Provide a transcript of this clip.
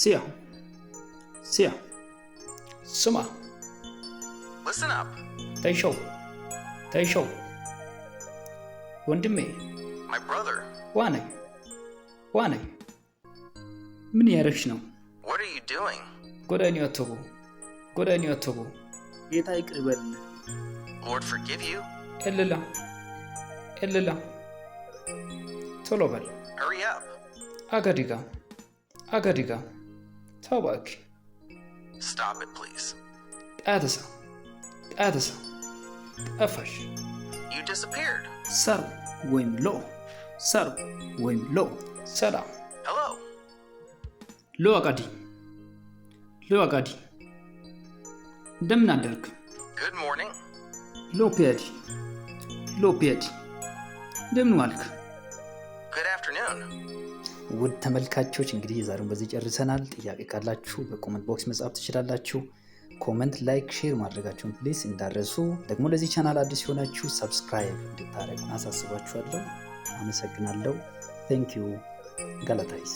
ሲያ ሲያ ስማ ወስናብ ተይሸው ተይሸው ወንድሜ ዋነ ዋነ ምን ያረሽ ነው? ጎዳኔው አትሆ ጎዳኔው አትሆ ጌታ ይቅር በል። እልላ እልላ ቶሎ በል አጋዲጋ አጋዲጋ Stop it, please. Addison. Addison. Efesh. You disappeared. Sir Win Low. Sir Win Low. Set up. Um. Hello. Luagadi. Luagadi. Demnadirk. Good morning. Lopiad. Lopiad. Demnwalk. Good afternoon. ውድ ተመልካቾች እንግዲህ የዛሬውን በዚህ ጨርሰናል። ጥያቄ ካላችሁ በኮመንት ቦክስ መጻፍ ትችላላችሁ። ኮመንት፣ ላይክ፣ ሼር ማድረጋችሁን ፕሊስ እንዳረሱ። ደግሞ ለዚህ ቻናል አዲስ የሆናችሁ ሰብስክራይብ እንድታደረግ አሳስባችኋለሁ። አመሰግናለሁ። ቴንኪዩ ጋላታይስ